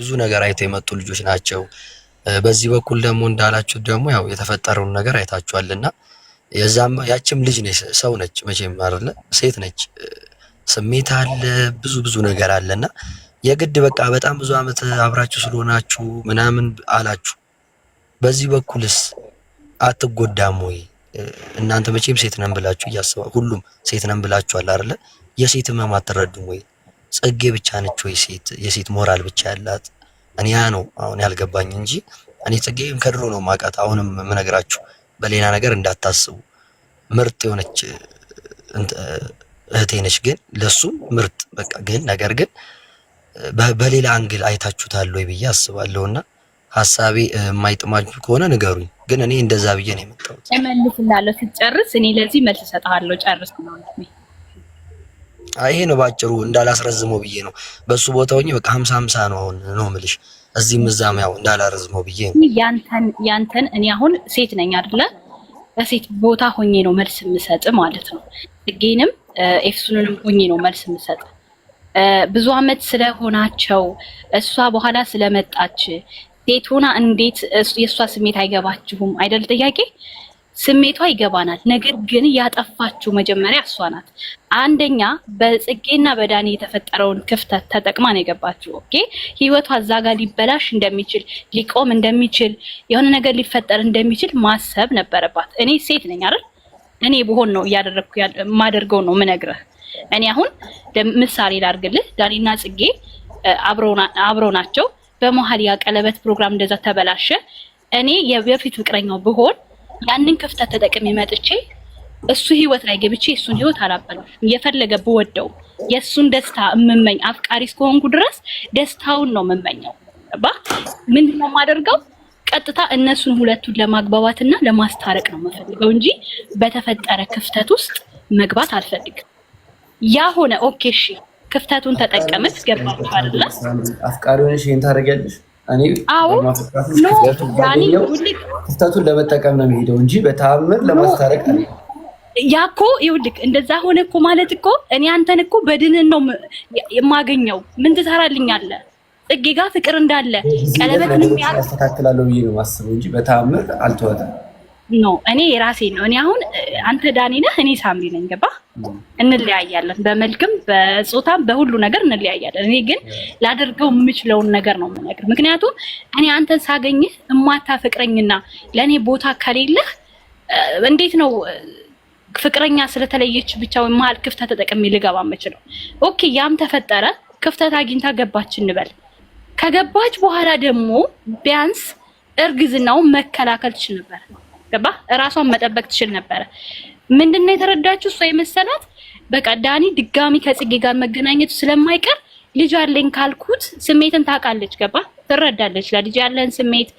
ብዙ ነገር አይተው የመጡ ልጆች ናቸው። በዚህ በኩል ደግሞ እንዳላችሁት ደግሞ ያው የተፈጠረውን ነገር አይታችኋልና የዛም ያችም ልጅ ነች፣ ሰው ነች መቼም አይደለ ሴት ነች። ስሜት አለ፣ ብዙ ብዙ ነገር አለና የግድ በቃ በጣም ብዙ አመት አብራችሁ ስለሆናችሁ ምናምን አላችሁ። በዚህ በኩልስ አትጎዳም ወይ? እናንተ መቼም ሴት ነን ብላችሁ እያስባ ሁሉም ሴት ነን ብላችኋል አይደለ? የሴት ህመም አትረዱም ወይ? ጽጌ ብቻ ነች ወይ ሴት የሴት ሞራል ብቻ ያላት? እኔ ያ ነው አሁን ያልገባኝ እንጂ እኔ ጽጌ ከድሮ ነው ማውቃት። አሁንም የምነግራችሁ በሌላ ነገር እንዳታስቡ። ምርጥ የሆነች እህቴ ነች፣ ግን ለሱ ምርጥ በቃ ግን ነገር ግን በሌላ አንግል አይታችሁታል ወይ ብዬ አስባለሁና ሀሳቤ የማይጥማችሁ ከሆነ ንገሩኝ። ግን እኔ እንደዛ ብዬ ነው የመጣሁት። እመልስላለሁ እኔ ለዚህ መልስ እሰጥሃለሁ። ጨርስ ነው ይሄ ነው ባጭሩ፣ እንዳላስረዝመው ብዬ ነው። በሱ ቦታ ሆኜ በቃ 50 50 ነው አሁን ነው ምልሽ። እዚህም እዛም ያው እንዳላረዝመው ብዬ ነው። ያንተን ያንተን እኔ አሁን ሴት ነኝ አይደለ? በሴት ቦታ ሆኜ ነው መልስ የምሰጥ ማለት ነው። ጽጌንም ኤፍሱንንም ሆኜ ነው መልስ የምሰጥ። ብዙ አመት ስለሆናቸው እሷ በኋላ ስለመጣች ሴት ሆና እንዴት የእሷ ስሜት አይገባችሁም አይደል? ጥያቄ ስሜቷ ይገባናል። ነገር ግን ያጠፋችው መጀመሪያ እሷ ናት። አንደኛ በጽጌና በዳኒ የተፈጠረውን ክፍተት ተጠቅማ ነው የገባችው። ኦኬ ህይወቷ እዛ ጋር ሊበላሽ እንደሚችል ሊቆም እንደሚችል የሆነ ነገር ሊፈጠር እንደሚችል ማሰብ ነበረባት። እኔ ሴት ነኝ አይደል? እኔ ብሆን ነው እያደረግኩ የማደርገው ነው ምነግርህ። እኔ አሁን ምሳሌ ላርግልህ። ዳኒና ጽጌ አብረው ናቸው። በመሀል ያ ቀለበት ፕሮግራም እንደዛ ተበላሸ። እኔ የበፊት ፍቅረኛው ብሆን ያንን ክፍተት ተጠቅሜ መጥቼ እሱ ህይወት ላይ ገብቼ እሱን ህይወት አላበላም። የፈለገ ብወደው የእሱን ደስታ የምመኝ አፍቃሪ እስከሆንኩ ድረስ ደስታውን ነው የምመኘው። ባ ምንድን ነው የማደርገው? ቀጥታ እነሱን ሁለቱን ለማግባባትና ለማስታረቅ ነው የምፈልገው እንጂ በተፈጠረ ክፍተት ውስጥ መግባት አልፈልግም። ያ ሆነ ኦኬ፣ እሺ፣ ክፍተቱን ተጠቀምት ገባችሁ አይደለ? አፍቃሪ ሆነሽ ይሄን ታደርጊያለሽ ክፍተቱን ለመጠቀም ነው የሚሄደው እንጂ በተአምር ለማስታረቅ ይኸውልህ፣ እንደዛ ሆነ እኮ ማለት እኮ እኔ አንተን እኮ በድንን ነው የማገኘው። ምን ትሰራልኛለህ? ጽጌ ጋር ፍቅር እንዳለ ቀለበትንም ያስተካክላለሁ ብዬ ነው እንጂ በተአምር አልተወጠም። ኖ እኔ የራሴ ነው። እኔ አሁን አንተ ዳኒ ነህ፣ እኔ ሳምሪ ነኝ። ገባህ? እንለያያለን። በመልክም በጾታም በሁሉ ነገር እንለያያለን። እኔ ግን ላደርገው የምችለውን ነገር ነው የምነግርህ። ምክንያቱም እኔ አንተን ሳገኝህ እማታፈቅረኝና ለእኔ ቦታ ከሌለህ እንዴት ነው ፍቅረኛ ስለተለየች ብቻ መሀል ክፍተት ተጠቅሜ ልገባ የምችለው? ኦኬ፣ ያም ተፈጠረ ክፍተት አግኝታ ገባች እንበል። ከገባች በኋላ ደግሞ ቢያንስ እርግዝናውን መከላከል ትችል ነበር። ገባ እራሷን መጠበቅ ትችል ነበረ። ምንድነው የተረዳችው? እሷ የመሰላት በቃ ዳኒ ድጋሚ ከጽጌ ጋር መገናኘቱ ስለማይቀር ልጅ አለኝ ካልኩት ስሜትን ታውቃለች፣ ገባ ትረዳለች። ለልጅ ያለን ስሜት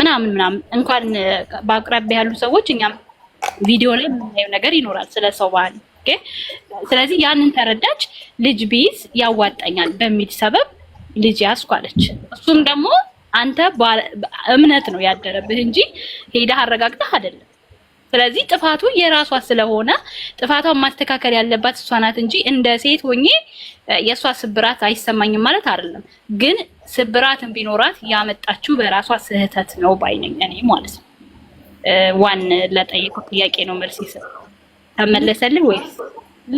ምናምን ምናምን እንኳን በአቅራቢያ ያሉ ሰዎች እኛም ቪዲዮ ላይ የምናየው ነገር ይኖራል ስለ ሰው ባህል። ስለዚህ ያንን ተረዳች። ልጅ ቢይዝ ያዋጣኛል በሚል ሰበብ ልጅ ያስኳለች። እሱም ደግሞ አንተ እምነት ነው ያደረብህ እንጂ ሄደህ አረጋግጠህ አይደለም። ስለዚህ ጥፋቱ የራሷ ስለሆነ ጥፋቷን ማስተካከል ያለባት እሷ ናት እንጂ እንደ ሴት ሆኜ የእሷ ስብራት አይሰማኝም ማለት አይደለም። ግን ስብራትን ቢኖራት ያመጣችው በራሷ ስህተት ነው ባይነኝ እኔ ማለት ነው። ዋን ለጠየቁት ጥያቄ ነው መልስ ይሰ ተመለሰልን ወይስ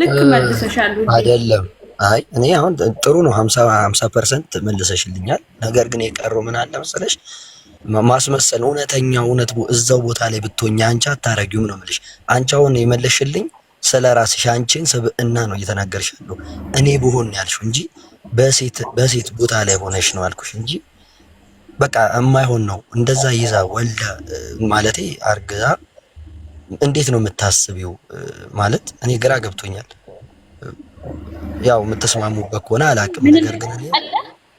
ልክ መልሰሻሉ አይደለም አይ እኔ አሁን ጥሩ ነው 50 50 ፐርሰንት መልሰሽልኛል። ነገር ግን የቀረው ምን አለ መሰለሽ ማስመሰል እውነተኛ እውነት እዛው ቦታ ላይ ብትሆኝ አንቺ አታረጊውም ነው የምልሽ። አንቺ አሁን የመለሽልኝ ስለ ራስሽ አንቺን ስብዕና ነው እየተናገርሽ ያለው። እኔ ብሆን ያልሽ እንጂ በሴት በሴት ቦታ ላይ ሆነሽ ነው አልኩሽ እንጂ በቃ የማይሆን ነው። እንደዛ ይዛ ወልዳ ማለቴ አርግዛ እንዴት ነው የምታስቢው? ማለት እኔ ግራ ገብቶኛል። ያው የምትስማሙበት ከሆነ አላውቅም ነገር ግን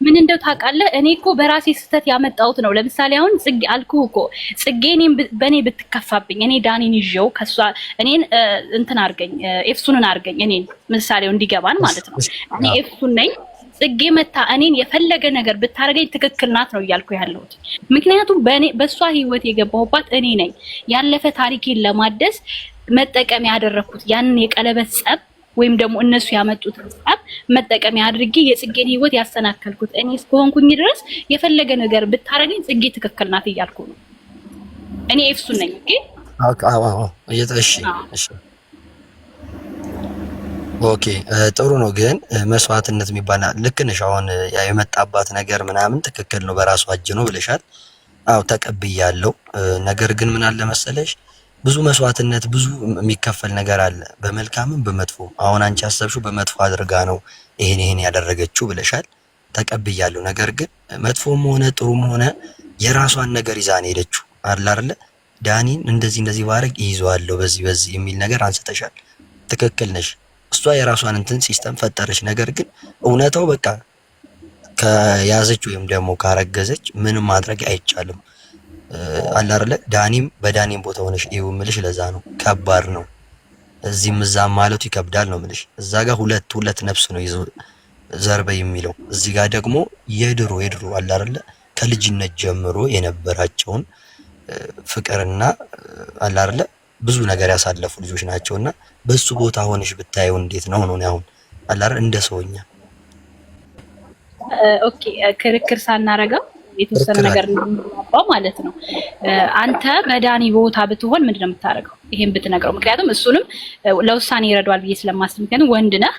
ምን እንደው ታውቃለህ፣ እኔ እኮ በራሴ ስህተት ያመጣሁት ነው። ለምሳሌ አሁን ጽጌ አልኩ እኮ ጽጌ በኔ በእኔ ብትከፋብኝ እኔ ዳኔን ይዤው ከሷ እኔን እንትን አርገኝ ኤፍሱንን አርገኝ እኔን ምሳሌው እንዲገባን ማለት ነው። እኔ ኤፍሱን ነኝ። ጽጌ መታ እኔን የፈለገ ነገር ብታደርገኝ ትክክል ናት ነው እያልኩ ያለሁት። ምክንያቱም በእኔ በእሷ ህይወት የገባሁባት እኔ ነኝ። ያለፈ ታሪኬን ለማደስ መጠቀም ያደረኩት ያንን የቀለበት ጸብ ወይም ደግሞ እነሱ ያመጡት ሀሳብ መጠቀሚያ አድርጌ የጽጌን ህይወት ያሰናከልኩት እኔ እስከሆንኩኝ ድረስ የፈለገ ነገር ብታረገኝ ጽጌ ትክክል ናት እያልኩ ነው። እኔ ኤፍሱ ነኝ። ኦኬ ጥሩ ነው። ግን መስዋዕትነት የሚባል ልክ ነሽ። አሁን የመጣባት ነገር ምናምን ትክክል ነው። በራሷ እጅ ነው ብለሻል። አዎ ተቀብያለሁ። ነገር ግን ምን አለ መሰለሽ ብዙ መስዋዕትነት ብዙ የሚከፈል ነገር አለ፣ በመልካምም በመጥፎ። አሁን አንቺ ያሰብሽው በመጥፎ አድርጋ ነው ይሄን ይሄን ያደረገችው ብለሻል፣ ተቀብያለሁ። ነገር ግን መጥፎም ሆነ ጥሩም ሆነ የራሷን ነገር ይዛ ነው ሄደችው። አለ አይደለ? ዳኒን እንደዚህ እንደዚህ ባረግ ይይዘዋለሁ በዚህ በዚህ የሚል ነገር አንስተሻል። ትክክል ነሽ። እሷ የራሷን እንትን ሲስተም ፈጠረች። ነገር ግን እውነታው በቃ ከያዘች ወይም ደግሞ ካረገዘች ምንም ማድረግ አይቻልም። አላርለ ዳኒም በዳኒም ቦታ ሆነሽ ይው ምልሽ። ለዛ ነው ከባድ ነው እዚህም እዛም ማለቱ ይከብዳል ነው ምልሽ። እዛ ጋር ሁለት ሁለት ነፍስ ነው ይዞ ዘርበ የሚለው እዚህ ጋር ደግሞ የድሮ የድሮ አላርለ ከልጅነት ጀምሮ የነበራቸውን ፍቅርና አላርለ ብዙ ነገር ያሳለፉ ልጆች ናቸውና በሱ ቦታ ሆነሽ ብታየው እንዴት ነው ነው አሁን አላር እንደ ሰውኛ ኦኬ ክርክር ሳናረገው የተወሰነ ነገር እንድናባው ማለት ነው። አንተ በዳኒ ቦታ ብትሆን ምንድን ነው የምታደርገው? ይሄን ብትነግረው፣ ምክንያቱም እሱንም ለውሳኔ ይረዷል ብዬ ስለማስብ፣ ምክንያቱም ወንድ ነህ።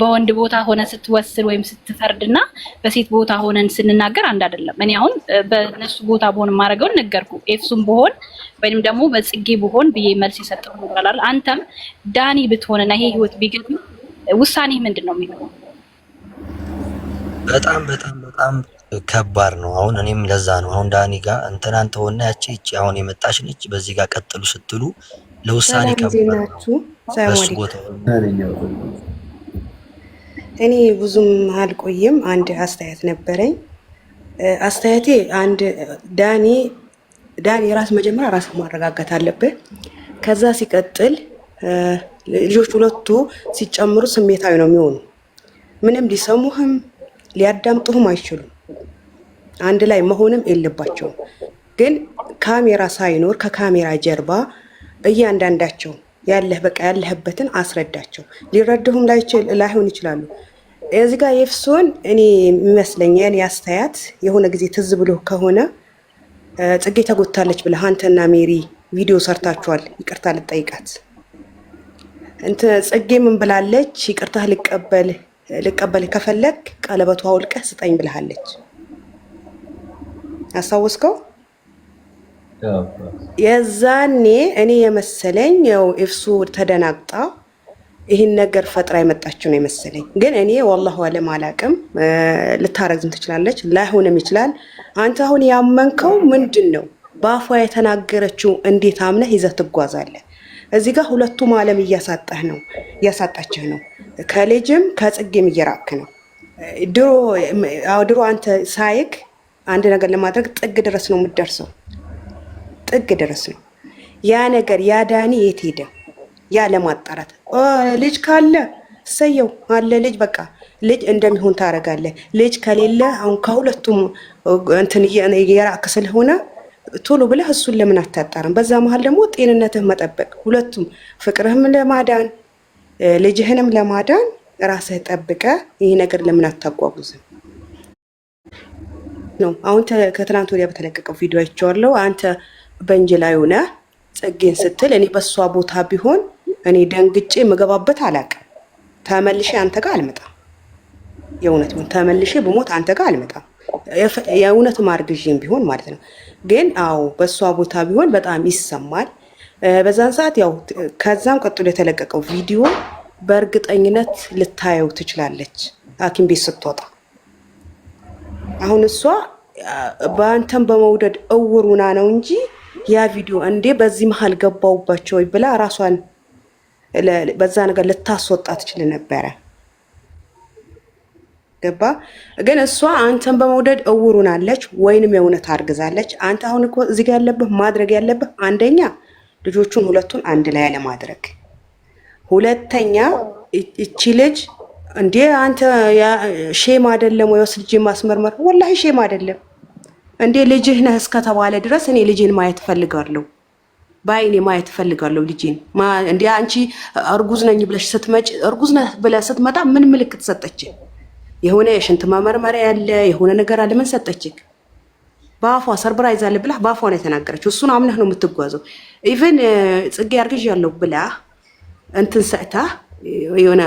በወንድ ቦታ ሆነ ስትወስን ወይም ስትፈርድና በሴት ቦታ ሆነን ስንናገር አንድ አይደለም። እኔ አሁን በነሱ ቦታ በሆን የማደርገውን ነገርኩ። ኤፍሱም በሆን ወይም ደግሞ በጽጌ በሆን ብዬ መልስ የሰጠው ነገር አንተም ዳኒ ብትሆንና ይሄ ህይወት ቢገጥም ውሳኔ ምንድን ነው የሚሆነው? በጣም በጣም በጣም ከባድ ነው። አሁን እኔም ለዛ ነው አሁን ዳኒ ጋር እንትና እንተውና ያቺ ይቺ አሁን የመጣች ነች፣ በዚህ ጋር ቀጥሉ ስትሉ ለውሳኔ ከባድ ነው። እኔ ብዙም አልቆይም። አንድ አስተያየት ነበረኝ። አስተያየቴ አንድ ዳኒ ዳኒ ራስ መጀመሪያ ራስ ማረጋጋት አለብህ። ከዛ ሲቀጥል ልጆች ሁለቱ ሲጨምሩ ስሜታዊ ነው የሚሆኑ ምንም ሊሰሙህም ሊያዳምጡህም አይችሉም። አንድ ላይ መሆንም የለባቸውም። ግን ካሜራ ሳይኖር ከካሜራ ጀርባ እያንዳንዳቸው ያለህ በቃ ያለህበትን አስረዳቸው። ሊረድሁም ላይሆን ይችላሉ። እዚህ ጋር የፍሶን እኔ የሚመስለኝ እኔ አስተያየት የሆነ ጊዜ ትዝ ብሎ ከሆነ ጽጌ ተጎታለች ብለህ አንተና ሜሪ ቪዲዮ ሰርታችኋል። ይቅርታ ልጠይቃት እንትን ጽጌ ምን ብላለች? ይቅርታ ልቀበል ልቀበል ከፈለግ ቀለበቱ አውልቀህ ስጠኝ ብልሃለች። አስታወስከው? የዛኔ እኔ የመሰለኝ ያው እፍሱ ተደናግጣ ይህን ነገር ፈጥራ የመጣችው ነው የመሰለኝ። ግን እኔ ወላሁ አለም አላቅም። ልታረግዝም ትችላለች፣ ላይሆንም ይችላል። አንተ አሁን ያመንከው ምንድን ነው? በአፏ የተናገረችው እንዴት አምነህ ይዘህ ትጓዛለህ? እዚህ ጋር ሁለቱም ዓለም እያሳጣህ ነው እያሳጣችህ ነው። ከልጅም ከጽጌም እየራክ ነው። ድሮ ድሮ አንተ ሳይክ አንድ ነገር ለማድረግ ጥግ ድረስ ነው የምትደርሰው፣ ጥግ ድረስ ነው ያ ነገር ያ ዳኒ የት ሄደ? ያ ለማጣራት ልጅ ካለ ሰየው አለ ልጅ በቃ ልጅ እንደሚሆን ታደርጋለህ። ልጅ ከሌለ አሁን ከሁለቱም እንትን የራክ ስለሆነ ቶሎ ብለህ እሱን ለምን አታጣርም? በዛ መሀል ደግሞ ጤንነትህ መጠበቅ፣ ሁለቱም ፍቅርህም ለማዳን ልጅህንም ለማዳን ራስህ ጠብቀ ይህ ነገር ለምን አታጓጉዝም ነው። አሁን ከትናንት ወዲያ በተለቀቀው ቪዲዮ አይቼዋለሁ። አንተ በእንጅ ላይ ሆነ ጽጌን ስትል እኔ በእሷ ቦታ ቢሆን እኔ ደንግጬ ምገባበት አላውቅም። ተመልሼ አንተ ጋር አልመጣም። የእውነት ተመልሼ ብሞት አንተ ጋር አልመጣም። የእውነት ማርግዥም ቢሆን ማለት ነው። ግን አዎ በእሷ ቦታ ቢሆን በጣም ይሰማል። በዛን ሰዓት ያው ከዛም ቀጥሎ የተለቀቀው ቪዲዮ በእርግጠኝነት ልታየው ትችላለች ሐኪም ቤት ስትወጣ። አሁን እሷ በአንተን በመውደድ እውሩና ነው እንጂ ያ ቪዲዮ እንዴ በዚህ መሀል ገባውባቸው ብላ ራሷን በዛ ነገር ልታስወጣ ትችል ነበረ። ገባ ግን እሷ አንተን በመውደድ እውሩን አለች ወይንም የእውነት አርግዛለች። አንተ አሁን እኮ እዚህ ጋር ያለብህ ማድረግ ያለብህ አንደኛ ልጆቹን ሁለቱን አንድ ላይ አለማድረግ፣ ሁለተኛ እቺ ልጅ እንዴ አንተ ሼም አይደለም ወይስ ልጅ ማስመርመር? ወላሂ ሼም አይደለም እንዴ ልጅህ ነህ እስከተባለ ድረስ እኔ ልጅን ማየት እፈልጋለሁ። በአይኔ ማየት እፈልጋለሁ ልጅን። እንዴ አንቺ እርጉዝ ነኝ ብለሽ ስትመጪ እርጉዝ ነህ ብለህ ስትመጣ ምን ምልክት ሰጠች? የሆነ የሽንት ማመርመሪያ ያለ የሆነ ነገር አለ። ምን ሰጠችክ? በአፏ ሰርፕራይዝ አለ ብላ በአፏ ነው የተናገረችው። እሱን አምነህ ነው የምትጓዘው። ኢቨን ጽጌ አርግዥ ያለው ብላ እንትን ሰጥታ የሆነ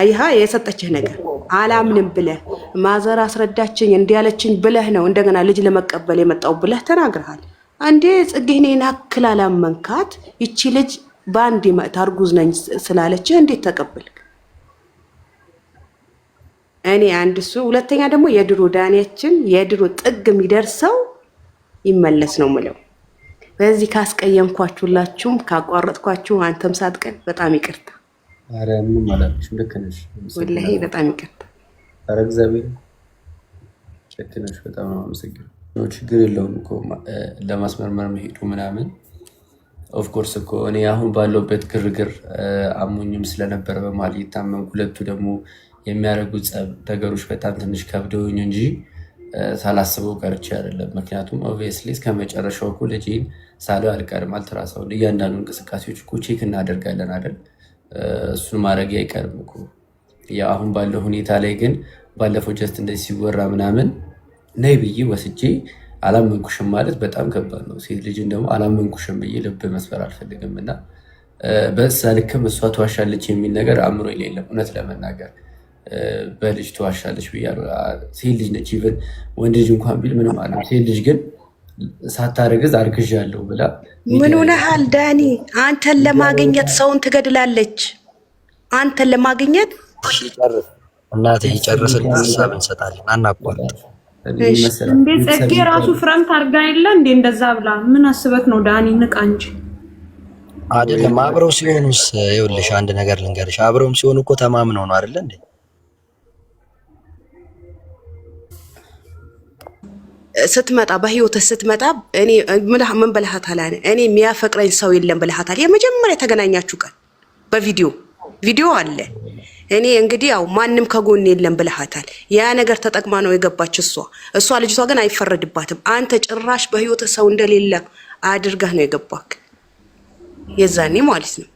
አይሃ የሰጠችህ ነገር አላምንም ብለህ ማዘር አስረዳችኝ ያለችኝ ብለህ ነው እንደገና ልጅ ለመቀበል የመጣው ብለህ ተናግረሃል። አንዴ ጽጌህን ናክል አላመንካት። ይቺ ልጅ በአንድ መእት እርጉዝ ነኝ ስላለችህ እንዴት ተቀብል እኔ አንድ እሱ ሁለተኛ ደግሞ የድሮ ዳኔያችን የድሮ ጥግ የሚደርሰው ይመለስ ነው ምለው። በዚህ ካስቀየምኳችሁላችሁም ካቋረጥኳችሁ፣ አንተም ሳትቀን በጣም ይቅርታ ወላሂ በጣም ይቅርታ። ኧረ እግዚአብሔር ጨክነሽ በጣም አመሰግናለሁ። ችግር የለውም እኮ ለማስመርመር መሄዱ ምናምን ኦፍኮርስ እኮ እኔ አሁን ባለውበት ግርግር አሞኝም ስለነበረ በመሀል የታመምኩ ሁለቱ ደግሞ የሚያደርጉት ነገሮች በጣም ትንሽ ከብደውኝ እንጂ ሳላስበው ቀርቼ አይደለም። ምክንያቱም ኦብቪየስሊ እስከ መጨረሻው እኮ ልጄን ሳለው አልቀርም አልትራሳውንድ እያንዳንዱ እንቅስቃሴዎች እኮ ቼክ እናደርጋለን አይደል? እሱን ማድረግ አይቀርም እኮ አሁን ባለው ሁኔታ ላይ ግን ባለፈው ጀስት እንደዚህ ሲወራ ምናምን ነይ ብዬ ወስጄ አላመንኩሽም ማለት በጣም ከባድ ነው። ሴት ልጅን ደግሞ አላመንኩሽም ብዬ ልብ መስበር አልፈልግም እና በዛ ልክም እሷ ትዋሻለች የሚል ነገር አእምሮ የሌለም እውነት ለመናገር በልጅ ትዋሻለች ብያለሁ። ሴት ልጅ ነች። ኢቭን ወንድ ልጅ እንኳን ቢል ምንም አለ። ሴት ልጅ ግን ሳታረግዝ አርግዣለሁ ብላ ምን ሆነሃል ዳኒ? አንተን ለማግኘት ሰውን ትገድላለች። አንተን ለማግኘት እናቴ ይጨርስልን፣ ሀሳብ እንሰጣለን፣ አናቋርጥ። እንዴ ጸጌ የራሱ ፍረንት አርጋ የለ እንዴ? እንደዛ ብላ ምን አስበት ነው ዳኒ? ንቃ እንጂ አይደለም። አብረው ሲሆኑስ፣ ይኸውልሽ አንድ ነገር ልንገርሽ፣ አብረውም ሲሆኑ እኮ ተማምነው ነው አይደለ እንዴ ስትመጣ በህይወት ስትመጣ እኔ ምን ብለሃታል? አለ እኔ የሚያፈቅረኝ ሰው የለም ብለሃታል። የመጀመሪያ የተገናኛችሁ ቀን በቪዲዮ ቪዲዮ አለ። እኔ እንግዲህ ያው ማንም ከጎን የለም ብለሃታል። ያ ነገር ተጠቅማ ነው የገባች እሷ እሷ ልጅቷ ግን አይፈረድባትም። አንተ ጭራሽ በህይወት ሰው እንደሌለ አድርገህ ነው የገባክ የዛኔ ማለት ነው።